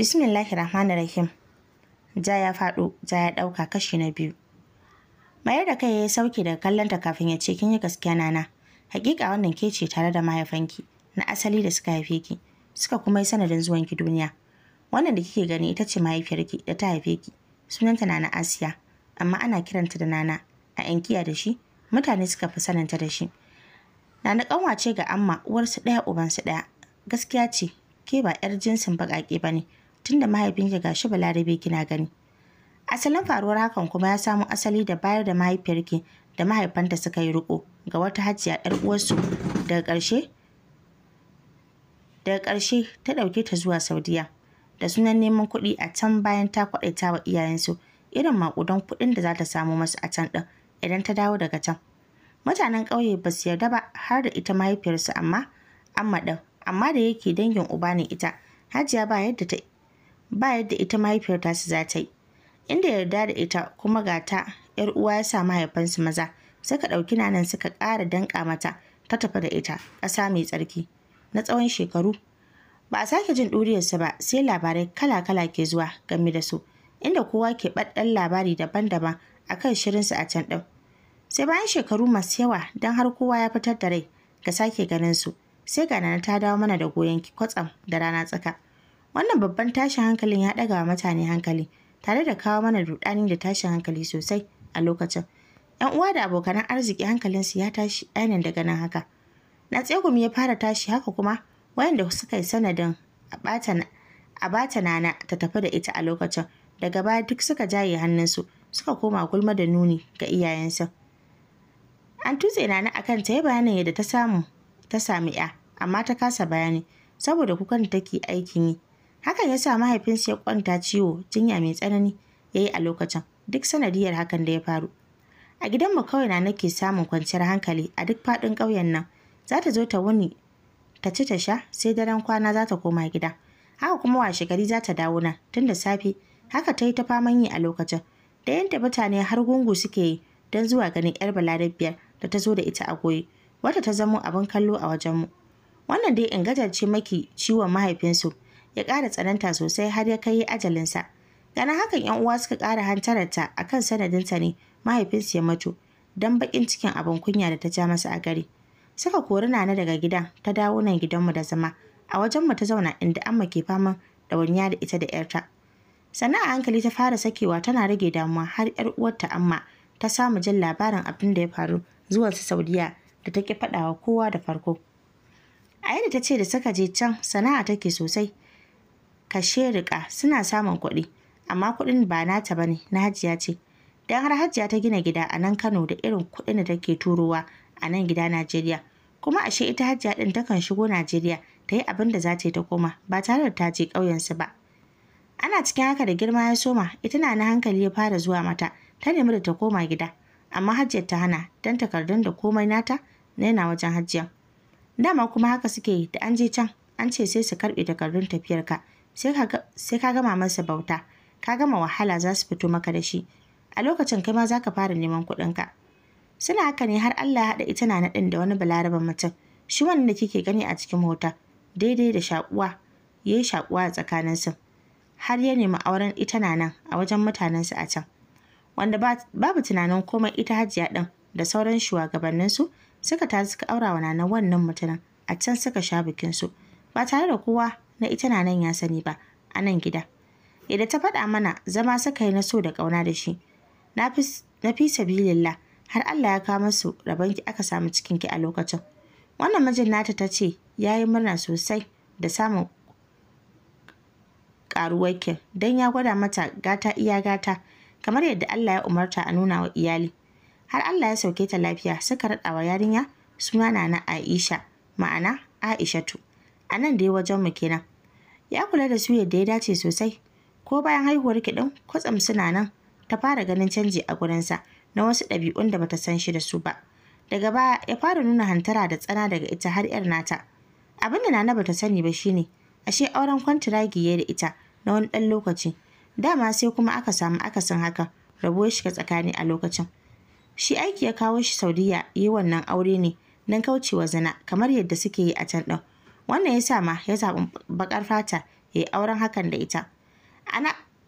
Bismillahi rahmanir rahim ja ya faɗo ja ya ɗauka kashi na biyu mayar da kai ya sauke daga kallonta kafin ya ce kin yi gaskiya nana hakika wannan ke ce tare da mahaifanki na asali da suka haife ki suka kuma yi sanadin zuwan ki duniya wannan da kike gani ita ce mahaifiyarki da ta haife ki sunanta nana asiya amma ana kiranta da nana a yankiya da shi mutane suka fi sananta da shi nana kanwace ga amma uwarsu ɗaya ubansu ɗaya gaskiya ce ke ba 'yar jinsin baƙaƙe ba ne tunda ga gashi balarabe kina gani asalin faruwar hakan kuma ya samo asali da bayar da mahaifiyarki da mahaifanta suka yi riko ga wata hajiya yar uwarsu daga ƙarshe daga ƙarshe ta ɗauke ta zuwa saudiya da sunan neman kuɗi a can bayan ta kwaɗaita wa iyayensu irin maƙudan kuɗin da za ta samo masu a can ɗin idan ta dawo daga can mutanen ƙauye ba su yarda ba har da ita mahaifiyarsu amma amma ɗin amma da yake dangin uba ne ita hajiya ba yadda ta ba yadda ita mahaifiyar tasu za ta yi inda yarda da ita kuma ga ta yar uwa ya sa mahaifansu maza suka ɗauki nanan suka ƙara danƙa mata ta tafi da ita ƙasa mai tsarki na tsawon shekaru ba a sake jin ɗuriyarsu ba sai labarai kala-kala ke zuwa game da su inda kowa ke ɓaɗɗan labari daban-daban a kan shirinsu a can ɗin sai bayan shekaru masu yawa don har kowa ya fitar da rai ga sake ganin su sai ga nana ta dawo mana da goyon kwatsam da rana tsaka Wannan babban tashin hankalin ya ɗaga wa mutane hankali, tare da kawo mana rudani da tashin hankali sosai a lokacin. ‘Yan uwa da abokanan arziki hankalin su ya tashi ainihin daga nan haka. Na tsegumi ya fara tashi haka kuma wayanda suka yi sanadin a bata nana ta tafi da ita a lokacin. Daga baya duk suka jaye hannunsu suka koma gulma da nuni ga iyayensu. An tutse nana akan ta yi bayanin yadda ta samu ta sami ya amma ta kasa bayani saboda kukan da take aikin yi Hakan ya sa mahaifinsa ya kwanta ciwo jinya mai tsanani ya yi a lokacin duk sanadiyar hakan da ya faru. A gidanmu kawai na nake samun kwanciyar hankali a duk faɗin ƙauyen nan. Za ta zo ta wuni ta ci ta sha sai daren kwana za ta koma gida. Haka kuma washe gari za ta dawo na, tun da safe haka ta yi ta faman yi a lokacin. Da yanta mutane har gungu suke yi don zuwa ganin 'yar balarabiyar da ta zo da ita a goyi wata ta zamo abin kallo a wajenmu. Wannan dai ingajarce maki ciwon mahaifinsu. ya ƙara tsananta sosai har ya kai ajalinsa. Ganin hakan ‘yan uwa suka ƙara hantararta a kan sanadinta ne mahaifinsu ya mutu don baƙin cikin abin kunya da ta ja masa a gari. Suka kori Nana daga gidan ta dawo nan gidanmu da zama a wajenmu ta zauna inda amma ke faman wanya da ita da ‘yarta. Sannan a hankali ta fara sakewa tana rage damuwa har ‘yar uwarta amma ta samu jin labarin abin da ya faru zuwansu Saudiya da ta take faɗawa kowa da farko. A yadda ta ce da suka je can sana'a take sosai kashe riƙa suna samun kuɗi amma kuɗin ba nata ne, na hajiya ce dan har hajiya ta gina gida a nan Kano da irin kuɗin da take turowa a nan gida Najeriya kuma ashe ita hajiya ɗin takan shigo Najeriya ta yi abin da za ta yi ta koma ba tare da ta je ƙauyensu ba ana cikin haka da girma ya soma ita na na hankali ya fara zuwa mata ta nemi da ta koma gida amma hajiyar ta hana don takardun da komai nata na yana wajen Hajiya? dama kuma haka suke da an je can an ce sai su karɓe takardun tafiyarka sai ka gama masa bauta ka gama wahala za su fito maka da shi a lokacin kai ma za ka fara neman kuɗinka suna haka ne har Allah ya haɗa ita na naɗin da wani balaraban mutum shi wannan da kike gani a cikin hoton daidai da shakuwa ya yi shakuwa a tsakaninsu har ya nemi auren ita na nan a wajen mutanensu a can wanda babu tunanin komai ita hajiya ɗin da sauran shugabanninsu suka taru suka aura wa nanan wannan mutumin a can suka sha bikinsu ba tare da kowa na ita na nan ya sani ba a nan gida idan ta faɗa mana zama suka yi na so da ƙauna da shi na fi sabilillah har Allah ya kawo masu rabon ki aka samu cikin ki a lokacin wannan mijin nata ta ce ya yi murna sosai da samun ƙaruwar don ya gwada mata gata iya gata kamar yadda Allah ya umarta a nuna wa iyali har Allah ya sauke ta lafiya suka raɗa wa yarinya suna na Aisha ma'ana Aishatu a nan dai wajen mu kenan ya kula da su yadda ya dace sosai ko bayan haihuwar kiɗin kwatsam suna nan ta fara ganin canji a gurinsa na wasu ɗabi'un da bata san shi da su ba daga baya ya fara nuna hantara da tsana daga ita har 'yar nata abin da nana bata sani ba shine ashe auren kwantiragi giye da ita na wani ɗan lokaci dama sai kuma aka samu akasin haka rabo ya shiga tsakani a lokacin shi aiki ya kawo shi Saudiyya yi wannan aure ne don kaucewa zina kamar yadda suke yi a can ɗin wannan ya sa ma ya zaɓi baƙar fata ya yi auren hakan da ita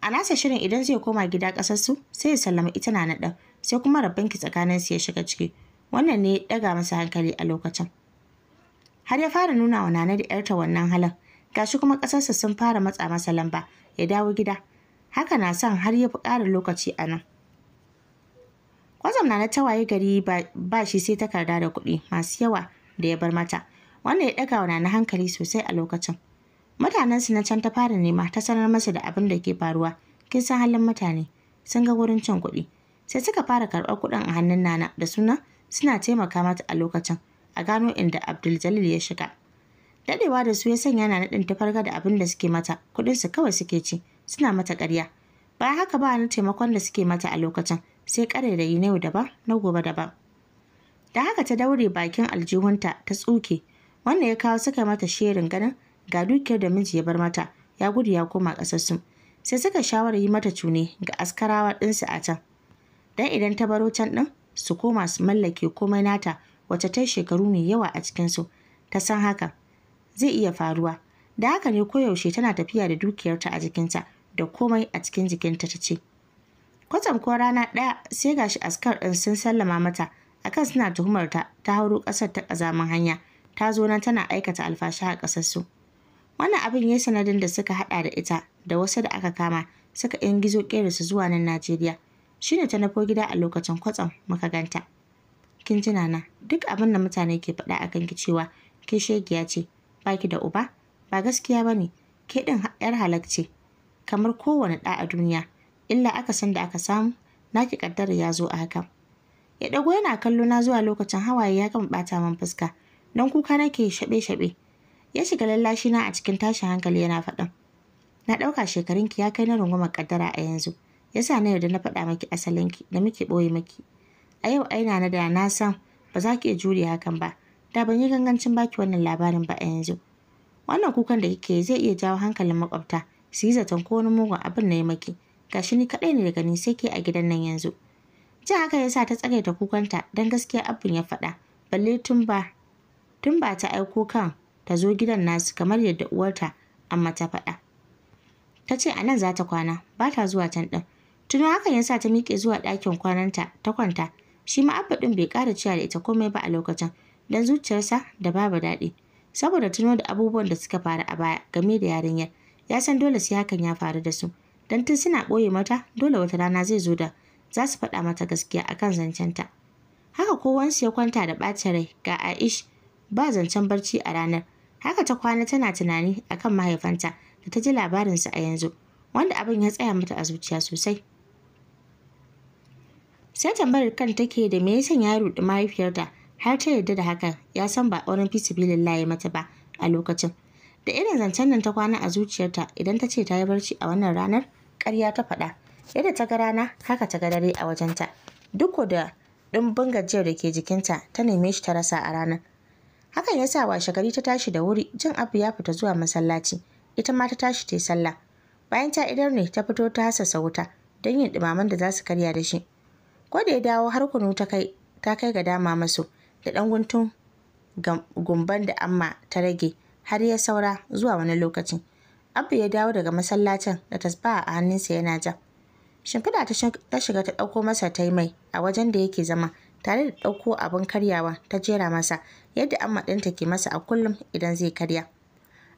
a nasa shirin idan zai koma gida ƙasarsu sai ya sallama ita na naɗa sai kuma rabinki tsakaninsu ya shiga ciki wannan ne ya ɗaga masa hankali a lokacin har ya fara nuna wa nana da ‘yarta wannan halin gashi kuma ƙasarsa sun fara matsa masa lamba ya dawo gida haka na son har ya fi ƙara lokaci a nan Kwazam na ta waye gari ba shi sai takarda da kuɗi masu yawa da ya bar mata. wanda ya ɗaga wa Nana hankali sosai a lokacin. Mutanensu na can ta fara nema ta sanar masa da abin da ke faruwa, kin san halin mutane, sun ga wurin cin kuɗi. Sai suka fara karɓar kuɗin a hannun Nana da suna suna taimaka mata a lokacin, a gano inda Abdul ya shiga. Daɗewa da su ya sanya na naɗin ta farga da abin da suke mata, kuɗinsu kawai suke ci, suna mata ƙarya. Bayan haka ba na taimakon da suke mata a lokacin, sai da yi na yau daban, na gobe daban. Da haka ta daure bakin aljihunta ta tsuke, wannan ya kawo suka mata shirin ganin ga dukiyar da miji ya bar mata ya gudu ya koma ƙasarsu sai suka shawarar yi mata cune ga askarawa ɗinsu a can dan idan ta baro can ɗin su koma su mallake komai nata wacce ta shekaru mai yawa a cikinsu ta san haka zai iya faruwa da haka ne koyaushe tana tafiya da dukiyarta a jikinta da komai a cikin jikinta ta ce kwatsam ko rana ɗaya sai gashi askar ɗin sun sallama mata akan suna tuhumarta ta ta hauro ƙasar ta ƙazamin hanya ta zo nan tana aikata alfashi a ƙasarsu. Wannan abin ya sanadin da suka haɗa da ita da wasu da aka kama suka ‘yan gizo su zuwa nan Najeriya. shine ne ta nufo gida a lokacin kwatsam muka ganta. Kin ji na duk abin da mutane ke faɗa a kanki cewa ke shegiya ce, ba ki da uba, ba gaskiya ba ne, ke ɗin ‘yar halak ce. Kamar kowane ɗa a duniya, illa aka san da aka samu, naki ƙaddara ya zo a hakan. Ya ɗago yana kallo na zuwa lokacin hawaye ya gama ɓata man fuska. don kuka nake shaɓe-shaɓe. Ya shiga lallashi na a cikin tashin hankali yana faɗin. Na ɗauka shekarunki ya kai na rungumar kaddara a yanzu. Ya sa na yarda na faɗa maki asalinki da muke ɓoye maki. A yau aina na da na san ba za ki iya jure hakan ba. Da ban yi gangancin baki wannan labarin ba a yanzu. Wannan kukan da kike zai iya jawo hankalin makwabta su yi zaton ko wani mugun abin na yi maki. Gashi ni kaɗai ne daga ni sai ke a gidan nan yanzu. Jin haka ya sa ta tsagaita kukanta don gaskiya abin ya faɗa. Balle tun ba tun ba ta aiko kan ta zo gidan nasu kamar yadda uwarta amma ta faɗa. Ta ce a nan za ta kwana, ba ta zuwa can ɗin. Tuno hakan ya sa ta miƙe zuwa ɗakin kwananta ta kwanta. Shi ma abba ɗin bai ƙara ciya da ita komai ba a lokacin, don zuciyarsa da babu daɗi. Saboda tuno da abubuwan da suka faru a baya game da yarinyar, ya san dole sai hakan ya faru da su. Don tun suna ɓoye mata, dole wata rana zai zo da za su faɗa mata gaskiya akan zancenta. Haka kowansu ya kwanta da ɓacin rai ga Aisha. ba zancen barci a ranar haka ta kwana tana tunani akan mahaifanta da ta ji labarinsa a yanzu wanda abin ya tsaya mata a zuciya sosai sai tambayar kan take da me yasan ya rudi mahaifiyarta har ta yarda da hakan ya san ba auren fisibilin laye mata ba a lokacin da irin zancen nan ta kwana a zuciyarta idan ta ce ta yi barci a wannan ranar ƙarya ta faɗa yadda ta ga rana haka ta ga dare a wajenta duk da ɗumbin gajiyar da ke jikinta ta neme shi ta rasa a ranar hakan ya sa washe gari ta tashi da wuri jin abu ya fita zuwa masallaci ita ma ta tashi ta yi sallah bayan ta idar ne ta fito ta hasasa wuta don yin ɗumaman da za su karya da shi ko da ya dawo har kunu ta kai ta kai ga dama masu da ɗan guntun gumban da amma ta rage har ya saura zuwa wani lokaci. abu ya dawo daga masallacin da tasbaha a hannunsa yana ja shimfiɗa ta shiga ta ɗauko masa ta mai a wajen da yake zama tare da ɗauko abin karyawa ta jera masa yadda amma ɗinta ke masa a kullum idan zai karya.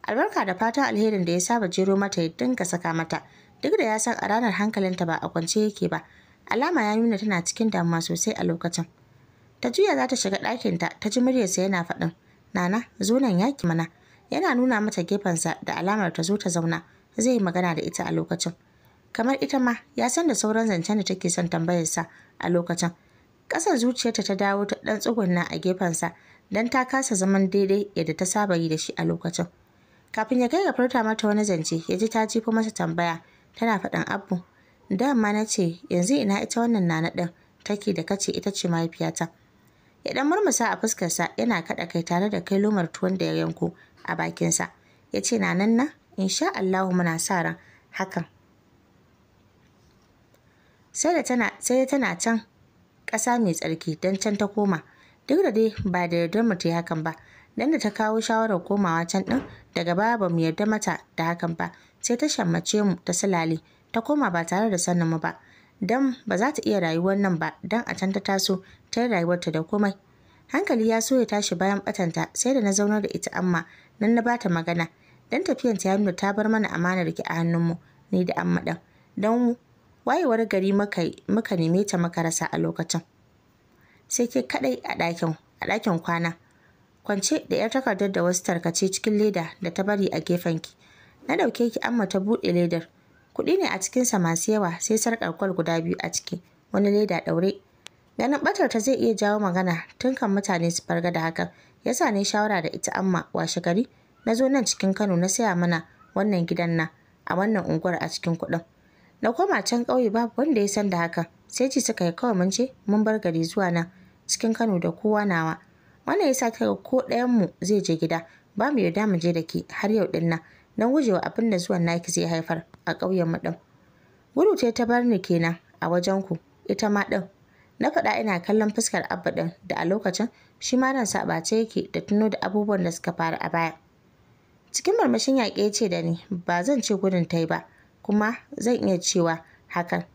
Albarka da fatan alherin da ya saba jero mata ya dinga saka mata duk da ya san a ranar hankalinta ba a kwance yake ba alama ya nuna tana cikin damuwa sosai a lokacin. Ta juya za ta shiga ɗakinta ta ji muryarsa yana faɗin Nana zo nan yaki mana yana nuna mata gefensa da alamar ta zo ta zauna zai yi magana da ita a lokacin. Kamar ita ma ya san da sauran zancen da take son tambayarsa a lokacin ƙasar zuciyarta ta dawo ta ɗan tsugunna a gefensa don ta kasa zaman daidai yadda ta saba yi da shi a lokacin. Kafin ya kai ga furta mata wani zance, ya ji ta jifo masa tambaya, tana faɗin abu. Dama na ce, yanzu ina ita wannan nana ɗin, take da kace ita ce mahaifiyata. Ya ɗan murmusa a fuskarsa yana kaɗa kai tare da kai lomar tuwon da ya yanko a bakinsa. Ya ce na nan na, insha Allahu muna sa ran hakan. Sai da tana can ƙasa mai tsarki don can ta koma duk da dai ba da yardar mu ta yi hakan ba dan da ta kawo shawarar komawa can ɗin daga baya ba mu yarda mata da hakan ba sai ta shammace mu ta silale ta koma ba tare da sannan mu ba dan ba za ta iya rayuwar nan ba dan a can ta taso ta yi rayuwarta da komai hankali ya so ya tashi bayan batanta sai da na zaunar da ita amma nan na bata magana dan tafiyan ta ya nuna ta bar mana amanar ki a hannun mu ni da amma dan dan wayewar gari muka neme ta muka rasa a lokacin sai ke kadai a ɗakin a ɗakin kwana kwance da yar takardar da wasu tarkace cikin leda da ta bari a gefen ki na ɗauke ki amma ta buɗe ledar kuɗi ne a cikin sa masu yawa sai sarkar kwal guda biyu a ciki wani leda ɗaure ganin batar ta zai iya jawo magana tun kan mutane su farga da hakan yasa ne shawara da ita amma washe gari na zo nan cikin kano na saya mana wannan gidan na a wannan unguwar a cikin kuɗin na koma can ƙauye babu wanda ya san da haka sai ci suka yi kawai mun ce mun bar gari zuwa nan cikin Kano da kowa nawa wannan yasa ta ko ɗayan mu zai je gida ba mu yarda mu je da ke har yau din nan don gujewa abin da zuwan naki zai haifar a ƙauyen mu din gudu ce ta bar ni kenan a wajen ku ita ma din na faɗa ina kallon fuskar abba din da a lokacin shi ma ba sabace yake da tuno da abubuwan da suka faru a baya cikin marmashin yaƙe ce da ni ba zan ce gudun ta yi ba kuma zan iya cewa hakan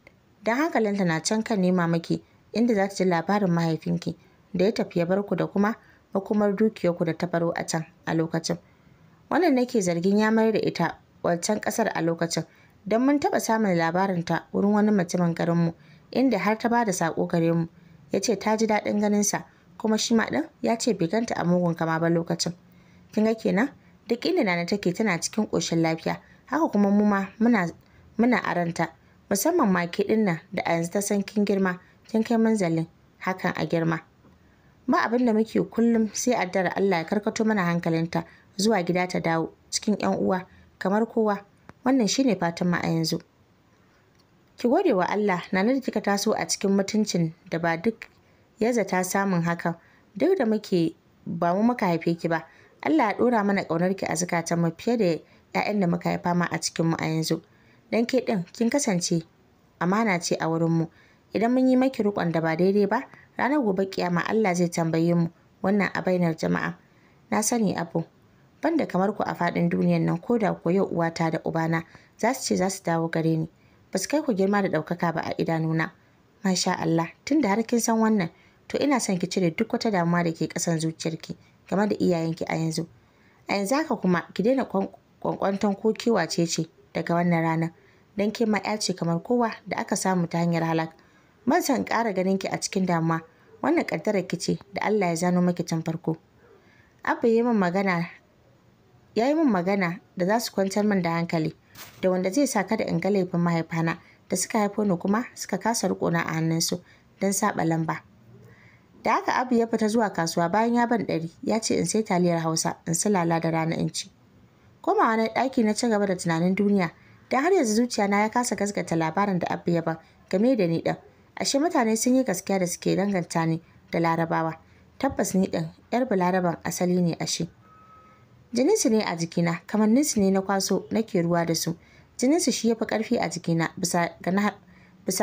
dan hankalinta na can kan nema miki inda za ta ji labarin mahaifinki da ya tafi ya bar ku da kuma makomar dukiyarku da ta baro a can a lokacin wannan nake zargin ya mayar da ita wancan kasar a lokacin don mun taɓa samun labarin ta wurin wani mutumin garinmu inda har ta bada sako gare mu ya ce ta ji daɗin ganinsa kuma shi ma ɗin ya ce bai ganta a mugun kama ba lokacin kin ga kenan duk inda nana take tana cikin koshin lafiya haka kuma muma muna muna aranta musamman ma ke nan da a yanzu ta san kin girma kin kai manzalin hakan a girma ba abin da muke kullum sai addar Allah ya karkato mana hankalinta zuwa gida ta dawo cikin yan uwa kamar kowa wannan shine fatan ma a yanzu ki gode wa Allah na da kika taso a cikin mutuncin da ba duk ya zata samun hakan duk da muke ba mu muka haife ki ba Allah ya dora mana kaunar ki a zakatan mu fiye da ‘ya'yan da muka yi fama a cikinmu a yanzu. Don ke ɗin kin kasance amana ce a wurinmu. Idan mun yi maki riƙon da ba daidai ba, ranar gobe kiyama Allah zai tambaye mu wannan a bainar jama'a. Na sani abu. Ban da kamar ku a faɗin duniyan nan ko da ko yau uwata da ubana za su ce za su dawo gare ni. Ba su kai ku girma da ɗaukaka ba a idanuna. Masha Allah, tun da har kin san wannan, to ina son ki cire duk wata damuwa da ke ƙasan zuciyarki game da iyayenki a yanzu. A yanzu haka kuma ki daina kwankwanton ko kiwace ce daga wannan ranar don ke ya ce kamar kowa da aka samu ta hanyar halak man san ƙara ganin ki a cikin damuwa wannan ƙaddarar ki ce da Allah ya zano maki tun farko Abu ya yi min magana da za su kwantar min da hankali da wanda zai sa kada in ga laifin mahaifana da suka haifo ni kuma suka kasa riƙona a hannunsu don saɓa lamba da haka abu ya fita zuwa kasuwa bayan ya ban ɗari ya ce in sai taliyar hausa in sulala da rana in ci komawa na daki na cigaba da tunanin duniya don har yanzu zuciya na ya kasa gaskata labarin da abu ya ban game da ni ɗin ashe mutane sun yi gaskiya da suke danganta ni da larabawa tabbas ni ɗin yar balaraban asali ne ashe jininsu ne a jikina kamanninsu ne na kwaso nake ruwa da su jininsu shi ya fi ƙarfi a jikina bisa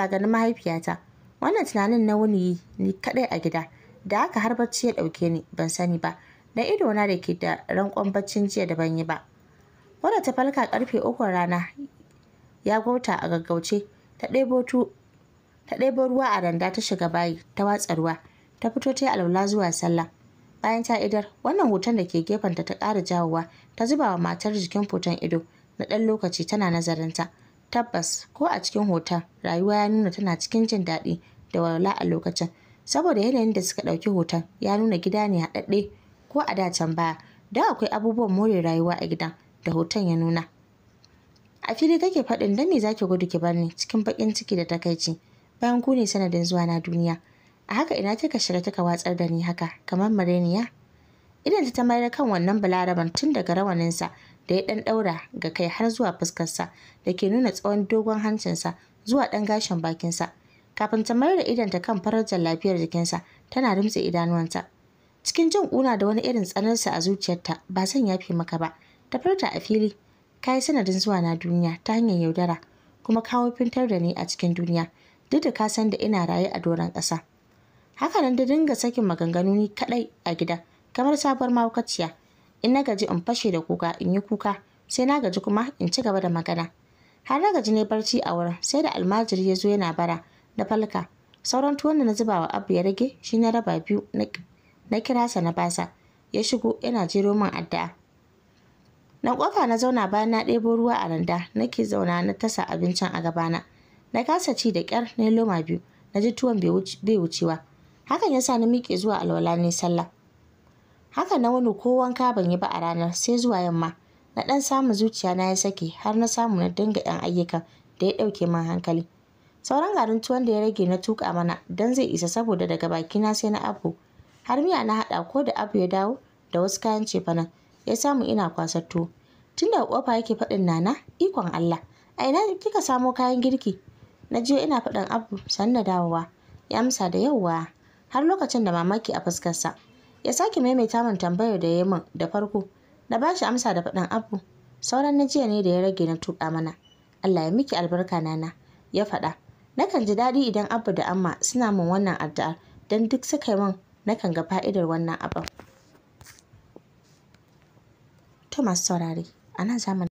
ga na mahaifiyata wannan tunanin na wuni ni kaɗai a gida da haka har bacci ya ɗauke ni ban sani ba na idona da ke da rankon baccin jiya da ban yi ba wadda ta falka karfe ukun rana ya gauta a gaggauce ta ɗebo ruwa a randa ta shiga bayi ta watsa ruwa ta fito ta yi alwala zuwa sallah bayan ta idar wannan hoton da ke gefenta ta ƙara jawowa ta zuba wa matar jikin foton ido na ɗan lokaci tana nazarin ta tabbas ko a cikin hoton rayuwa ya nuna tana cikin jin daɗi da walwala a lokacin saboda yanayin da suka ɗauki hoton ya nuna gida ne haɗaɗɗe ko a da can baya da akwai abubuwan more rayuwa a gidan da hoton ya nuna a fili kake faɗin da me zaki gudu ki barni cikin baƙin ciki da takaici bayan ku ne sanadin zuwa na duniya a haka ina kika shiga kika watsar da ni haka kamar mareniya idan ta mayar kan wannan balaraban tun daga rawaninsa da ya ɗan ɗaura ga kai har zuwa fuskarsa da ke nuna tsawon dogon hancinsa zuwa ɗan gashin bakinsa kafin ta mayar da idanta kan farar lafiyar jikinsa tana rumtse idanuwanta cikin jin ƙuna da wani irin tsanarsa a zuciyarta ba zan yafe maka ba ta farta a fili ka yi sanadin zuwa na duniya ta hanyar yaudara kuma kawo fintar da ni a cikin duniya duk da ka san da ina rayu a doron ƙasa haka nan da dinga sakin maganganu ni kaɗai a gida kamar sabuwar mahaukaciya in na gaji in fashe da kuka in yi kuka sai na gaji kuma in ci gaba da magana har na gaji ne barci a wurin sai da almajiri ya zo yana bara na falka sauran tuwon da na zuba wa abu ya rage shi na raba biyu na kirasa na basa ya shigo yana jero min addu'a Nan kofa na zauna bayan na ɗebo ruwa a randa nake zauna na tasa abincin a gabana na kasa ci da kyar na loma biyu na ji tuwon bai wucewa hakan ya sa na miƙe zuwa alwala ne sallah haka na wani ko wanka ban yi ba a ranar sai zuwa yamma na ɗan samun zuciya na ya sake har na samu na dinga yan ayyukan da ya ɗauke min hankali sauran garin tuwon da ya rage na tuka mana don zai isa saboda daga bakina sai na abu har miya na haɗa ko da abu ya dawo da wasu kayan cefanan ya samu ina kwasatto tuwo tun daga kofa yake faɗin nana ikon Allah a ina kika samo kayan girki na jiyo ina faɗin abu san na dawowa ya amsa da yawa. har lokacin da mamaki a fuskarsa ya sake maimaita min tambayar da ya min da farko na bashi amsa da faɗin abu sauran na jiya ne da ya rage na tuƙa mana Allah ya miki albarka nana ya faɗa nakan ji daɗi idan abu da amma suna min wannan addu'a don duk suka yi min nakan ga fa'idar wannan abin To masu saurare, a nan zamu.